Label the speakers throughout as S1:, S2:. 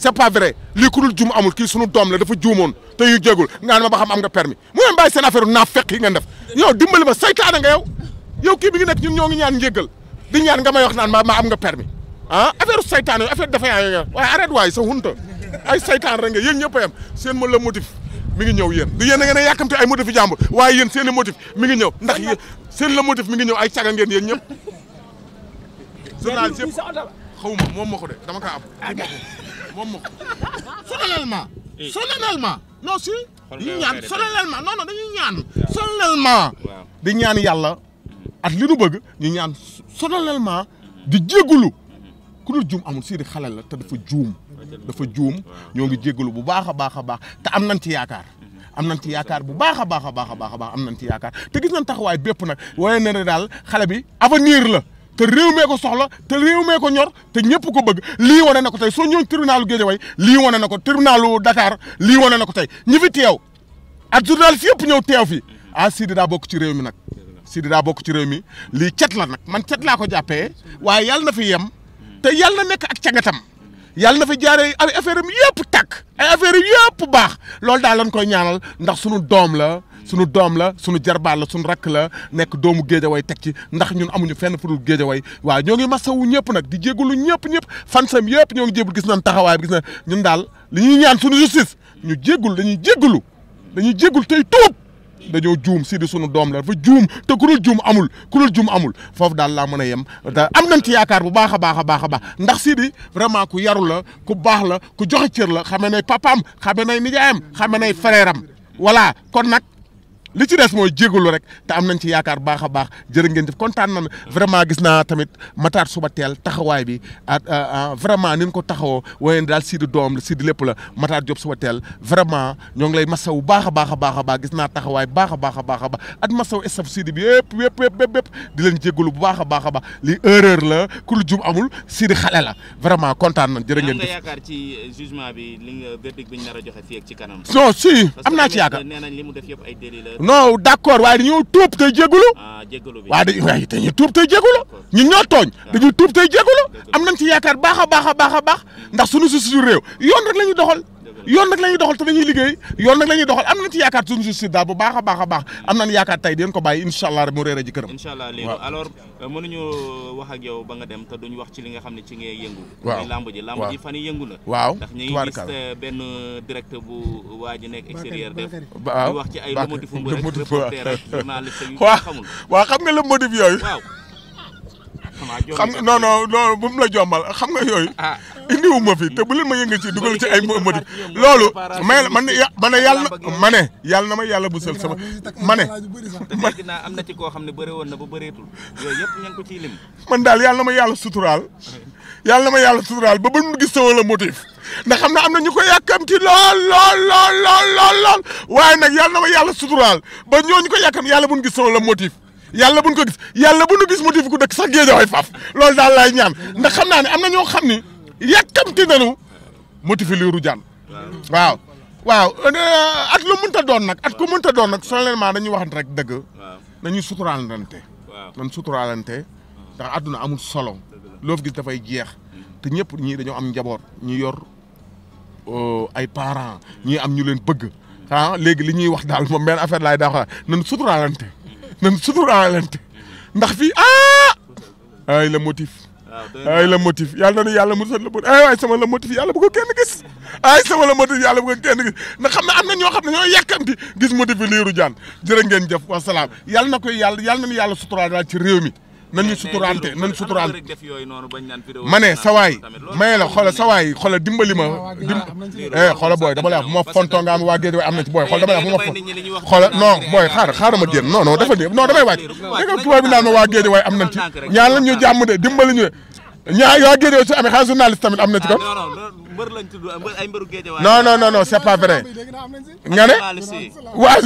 S1: c'est pas vrai lii ku amul kii sunu doom la dafa juumoon te yu jégul nga ma ba am nga permis mu ngeen bàyyi seen affaire naa fekk yi ngeen def yow dimbali ma saytaane nga yow yow kii bi ngi nekk ñun ñoo ngi ñaan njéggal di ñaan nga may wax naan ma ma am nga permis ah affaire saytaane yooyu affaire dafa yaa yooyu waaye arrête waay sa hunta ay saytaan rek nga yéen ñëpp a seen ma la motif mi ngi ñëw yéen du yéen a ngeen a ay motif jàmbur waaye yéen seen i motif mi ngi ñëw mi ngi ñëw ay caga ngeen yéen ñëpp journal yëpp xaw ma moom ma ko dama kaa am ah, moom moo ko. solennellement. Eh. solennellement non ñu ñaan solennellement non non ñaan. solennellement. di ñaan yàlla. at li bëgg ñu ñaan solennellement. di jégalu. ku dul juum amul Sidy xale la ta dafa juum. dafa juum ñoo ngi jégalu bu baax a baax a baax te am nañ ci yaakaar. am nañ ci yaakaar bu baax a baax a baax a baax am nañ ci yaakaar te gis nañ taxawaay bépp nag waaye ne daal xale bi aba niir la. te réew mee ko soxla te réew mee ko ñor te ñëpp ko bëgg lii wane na ko tey soo ñëw tribunalu Guédiawaye lii wane na ko tribunalu dakaar lii wane na ko tey ñi fi teew ak journaliste yëpp ñëw teew fi ah Sidi daa bokk ci réew mi nag Sidi daa bokk ci réew mi lii cet la nag man cet laa ko jàppee waaye yàlla na fi yem te yàlla na nekk ak càggatam yàlla na fa jaaree ay affaire am yëpp takk affaire am yëpp baax loolu daal lañ koy ñaanal ndax sunu doom la sunu doom la sunu jarbaat la sunu rakk la nekk doomu way teg ci ndax ñun amuñu fenn fu dul géejaway waaw ñoo ngi masawu ñëpp nag di jégalu ñëpp ñëpp fansam yëpp ñoo ngi jébul gis nañ taxawaay bi gis ñun daal li ñuy ñaan sunu justice ñu jéggul dañuy jéggulu dañuy jéggul tey tuub dañoo juum si sunu doom la dafa juum te ku dul juum amul ku juum amul foofu daal laa mën a yem am nañ ci yaakaar bu baax a baax a baax a baax ndax si di vraiment ku yaru la ku baax la ku joxe cër la xamee nay papaam xamee nay nijaayam xamee nay frère am voilà kon nag li ci des mooy jégalu rek te am nañ ci yaakaar baax a baax jërë ngeen def kontaan na vraiment gis naa tamit Matar suba teel taxawaay bi ah, ah, ah vraiment ni ñu ko taxawoo waaye daal Sidi doom la Sidi lépp la Matar Diop suba teel vraiment ñoo ngi lay masawu baax a baax baax a baax gis naa taxawaay a baax a baax a baax at masawu staff Sidi bi yëpp yëpp yëpp di leen jégalu bu baax a baax a li erreur la ku lu amul Sidi xale la vraiment kontaan na jërë ngeen def. am
S2: yaakaar ci euh, jugement bi li nga a joxe fii ak ci kanam. non si am naa ci yaakaar yëpp ay délit non d'
S1: accord waaye dañoo tuub tey jégalu. waaw ah, dañuy waaye dañuy tuub tey jégalu ñun ñoo tooñ ah. ñu tuub tey jégalu am nañ ci yaakaar baax a baax a baax a baax ndax suñu suñu réew yoon rek la ñuy doxal. yoon nag la ñuy doxal te dañuy liggéey yoon nag la ñuy doxal am nañ ci yaakaar suñu justice daal baax a baax a baax am nañ yaakaar tey dinañ ko bàyyi incha allah rek mu réer a ji
S2: wax ak yow ba nga wax ci li nga xam ne ci ngay yëngu. waaw lamb ji lamb ji fan yi yëngu la. waaw ndax ñu ngi euh, bu waa ji nekk extérieur def. waaw wax ci ay le motif bu rek reporter rek journaliste yu xamul. waaw
S1: xam nga le motif yooyu. waaw xam non non bu mu la jombal xam nga yooyu ah. indiwu ma fi te bu leen ma yëngal ci dugal ci ay motif loolu may man man na ma yàlla bu sal sama ma ne
S2: dégg naa koo xam ne bëri woon na ba bëreetul yooyu
S1: man daal yàlla na ma yàlla suturaal yal na ma yàlla suturaal ba ba mu gis sama la motif ndax xam na am na ñu ko yàkkam ci lool lool lool lool lool lool waaye nag na ma yàlla suturaal ba ñooñu ko yàkkam yàlla bu ñu gis sama la motif yàlla buñ ko yàlla bu ñu gis motif ku dëkk sax géejawaay faaf loolu daal laay ñaan ndax xam naa ne am na ñoo xam ni yàkkamti nañu motifi liiru jaan waaw waaw euh, euh, at lu mënta doon nag at ku mënta doon nag solennellement dañuy waxante rek dëgg nañuy suturaalante nan suturaalante ndax àdduna solo loo dafay jeex te ñëpp ñii dañoo am njaboot ñi yor euh, ay parents ñii am ñu leen bëgg ah, léegi li ñuy wax daal moom benn affaire laay daa wax nan suturaalante nan ndax fi ah ay le motif Ah, ay la motif yàlla na yàlla musal la ay eh, waay sama la motif yàlla bu ko kenn gis ay sama la motif yàlla bu ko gis na xam ne am na ñoo xam ne ñoo yàkkamti gis motif bi liiru jaan jërë ngeen jëf wasalaam yàlla na koy yàlla yàlla na yàlla suturaal daal ci réew mi nan ñu suturaante nan suturaante ma ne sa waay may la xoola sa dimbali ma dim eh xoola booy dama lay wax bu ma fontoo nga am waa am na ci booy xoola dama lay wax ma xoola waa géej waaye am nañ ci ñu jàmm de dimbali ñu de ñaa waa géej su amee xaalis journaliste tamit am na ci mbër lañ
S2: tudd ay mbëru géej waaye. non
S1: non non non c'est pas vrai. nga ne waaw.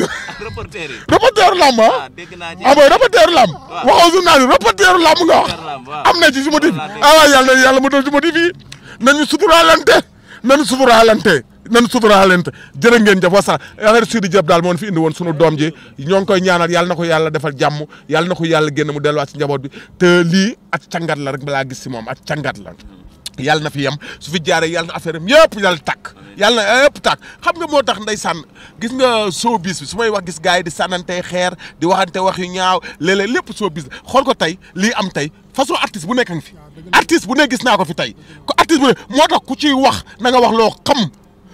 S1: reporter yi. reporter lamb ah. ah, ah booy reporter lamb. waxoo journal reporter lamb nga wax. am na ci su ma di ah waaw yàlla na yàlla ma doon su ma di fii nañu suturaalante nañu suturaalante nan suturaalante jërë ngeen jëf wasa affaire Sidi Diop daal moon fi indi woon sunu doom ji ñoo ngi koy ñaanal yàlla na ko yàlla defal jàmm yàlla na ko yàlla génn mu delluwaat si njaboot bi te lii ak càngat la rek balaa gis si moom ak càngat la. yàlla na fi yem su fi jaaree yàlla na affaire am yëpp yàlla tàkk yàlla na yëpp tàkk xam nga moo tax ndeysaan gis nga showbiz bi su may wax gis gars yi di sànnante xeer di waxante wax yu ñaaw léeg-léeg lépp showbiz la xool ko tey lii am tey façon artiste bu nekk nga fi artiste bu ne gis naa ko fi tey ko artiste bu ne moo tax ku ci wax na nga wax loo xam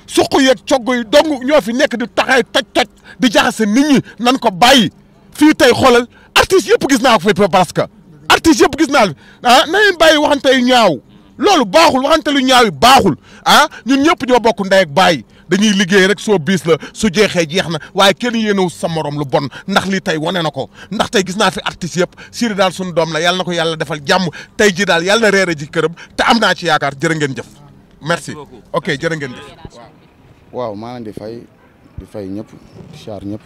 S1: suq yeeg cogg yi dong ñoo fi nekk di taxay toj toj di jaxase nit ñi nan ko bàyyi fii tey xoolal artiste yëpp gis naa ko parce que artiste yëpp gis naa ah na leen bàyyi waxante yu ñaaw loolu baaxul waxante lu ñaaw baaxul ah ñun ñëpp ñoo bokk ndey baay dañuy liggéey rek soo biis la su jeexee jeex na waaye kenn yéenewu sa morom lu bon ndax lii tey wane na ko ndax tey gis naa fi artiste yëpp Sidy daal suñu doom la yàlla na ko yàlla defal jàmm tey ji daal yàlla na reere ji këram te am naa ci yaakaar jërë ngeen jëf merci ok jërë ngeen jëf
S2: waaw maa leen di fay di fay ñëpp di xaar ñëpp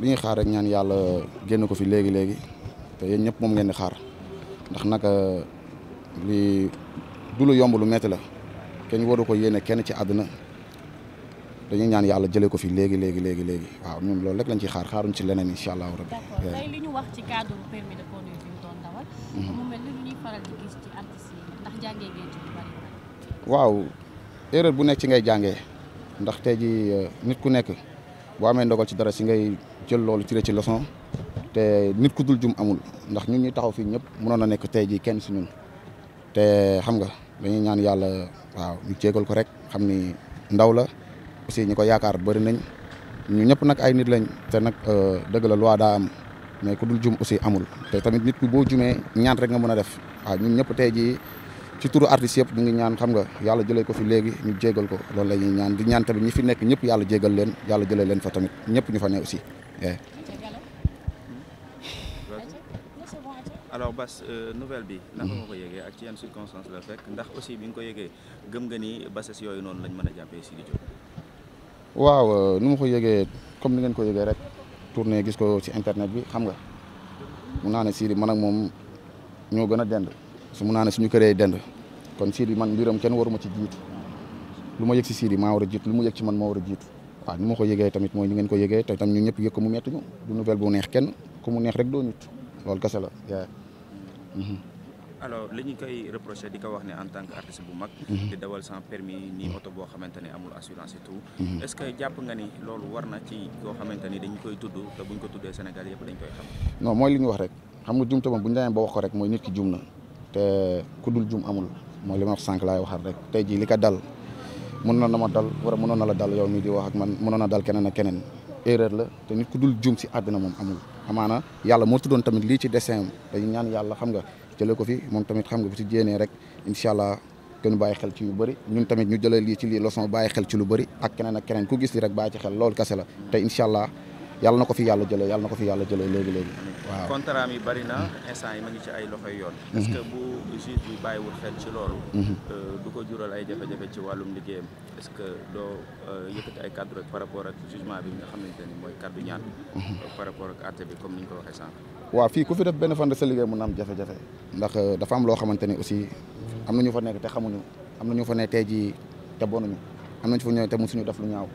S2: ñuy xaar rek ñaan yàlla génn ko fi léegi léegi te yéen ñëpp moom ngeen di xaar ndax nag li du lu yomb lu metti la kenn waru ko yéene kenn ci àdduna dañuy ñaan yàlla jëlee ko fi léegi léegi léegi léegi waaw ñun loolu rek lañ ci ci leneen incha allahu rabbi. d'accord mhm. bu nekk ci ngay jàngee ndax tey jii euh, nit ku nekk boo amee ndogal ci dara si ngay jël loolu tiré ci leçon te nit ku dul jum amul ndax ñun ñuy taxaw fii ñëpp mënoon na nekk tey jii kenn si ñun. te xam nga dañuy ñaan yàlla waaw ñu jégal ko rek xam ni ndaw la aussi ñu ko yaakaar bëri nañ ñu ñëpp nag ay nit lañ te nag euh, dëgg la loi daa am mais ku dul jum aussi amul te tamit boo jumee ñaan rek nga mën a def waaw ñun ñëpp tey jii ci turu artistes ñu ngi ñaan xam nga yàlla jëlee ko fi léegi ñu jégal ko loolu la ñaan di ñaan tamit ñi fi nekk ñëpp yàlla jégal leen yàlla jëlee leen fa tamit ñëpp ñu fa ne aussi eh. alors Bass euh, nouvelle bi. naka mhm. nga ko yëgee ak ci yenn circonstances la fekk ndax aussi bi nga ko yëgee gëm nga ni bassesse yooyu noonu lañ mën a jàppee Sidy Diop. waaw euh, nu ma ko yëgee comme ni ngeen ko yëgee rek tournée gis ko ci internet bi xam nga mun naa ne Sidy man ak moom ñoo gën a dend su mun naa ne suñu këree dend kon Sidy man mbiram kenn waruma ci jiitu lu ma si Sidy war a jiitu mu yëg ci man maa war a jiitu waaw ni ma ko tamit mooy ni ngeen ko yëgee te tam ñu ñëpp yëg ko mu metti ñu du nouvelle bu neex kenn ku mu neex rek doo ñut loolu kese la alors li ñu koy reproché di ko wax ne en tant que artiste bu mag. Mhm. di dawal san permis nii oto boo xamante ne amul assurance et tout. Mhm. est que jàpp nga ni loolu war na ci koo xamante ni dañu koy tudd te buñ ko tuddee Sénégal yëpp dañ koy xam. non mooy li ñu wax rek xam nga jumte moom bu ñu demee ba wax ko rek mooy nit ki jum na te ku dul jum amul mooy li ma wax sànq laay waxaat rek te jii li ko dal mënoon na ma dal war mënoon na la dal yow mii di wax ak man mënoon na dal keneen ak keneen erreur la te ku dul jum si àddina moom amul. amaana yàlla moo tuddoon tamit lii ci dessin dañu ñaan yàlla xam nga jëlee ko fi moom tamit xam nga bu ci jéenee rek incha allah kenn bàyyi xel ci yu bari ñun tamit ñu jëlee lii ci lii leçon bàyyi xel ci lu bëri ak keneen ak keneen ku gis li rek bàyyi ci xel loolu kese la te incha allah yàlla na ko fi yàlla jële yàlla ko fi yàlla jëlee léegi léegi waaw. contrat mi bari na instant yi ma ngi ci ay loxoy yoon. Mhm. est-ce que bu juge bi bàyyiwul xel ci loolu. Mhm. Euh, du ko jural ay jafe-jafe ci wàllum liggéeyam est-ce que doo euh, yëkkati ay kaddu rek par rapport ak jugement bi nga xamante ni mooy kaddu ñaan. Mhm. Euh, par rapport ak àtte bi comme ni ñu ko waxee sànq. waa fii ku fi def benn fan de sa liggéey mun na am jafe-jafe. ndax dafa am loo xamante ni aussi am na ñu fa nekk te xamuñu am na ñu ne tey jii te bonuñu am nañu fa ñëw te musuñu def lu ñaaw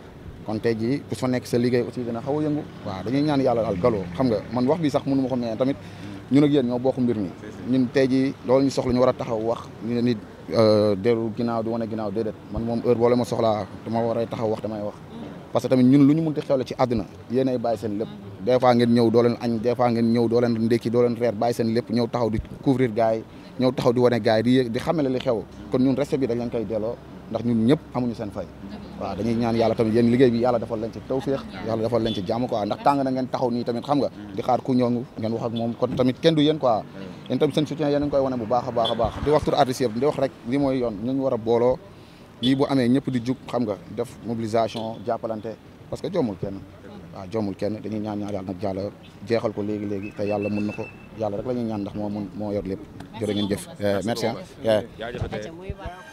S2: kon tey jii ku fa nekk sa liggéey aussi dina xaw a yëngu waaw dañuy ñaan yàlla daal galoo xam nga man wax bi sax mënu ma ko mais tamit ñun ak yéen ñoo bokk mbir mi ñun tey jii loolu ñu soxla ñu war a taxaw wax ñu ne nit euh, dellu ginnaaw di wane ginnaaw déedéet man moom heure boo ma soxlaa dama war a wax damay wax parce que tamit ñun lu ñu mënti xewle ci àdduna yéenay bàyyi seen lépp des fois ngeen ñëw doo leen añ des ngeen ñëw doo leen ndékki doo leen reer bàyyi seen lépp ñëw taxaw di couvrir gars ñëw taxaw di wane gars di di xamale li xew kon ñun respect bi dañ leen koy delloo ndax ñun ñëpp amuñu seen fay waaw dañuy ñaan yàlla tamit yéen liggéey bi yàlla defal leen ci tawféex yàlla defal leen ci jàmm quoi ndax tàng na ngeen taxaw nii tamit xam nga di xaar ku ñëw ngeen wax moom kon tamit kenn du yéen quoi yéen tamit seen soutien a ngi koy wane bu baax a baax a baax di wax tur artiste yëpp di rek li mooy yoon a booloo lii bu amee ñëpp di jug xam nga def mobilisation jàppalante parce que joomul kenn waaw joomul kenn dañuy ñaan ñaan yàlla nag yàlla jeexal ko léegi léegi te yàlla mun na ko yàlla rek la ñuy ñaan ndax moo mën moo yor lépp jërë ngeen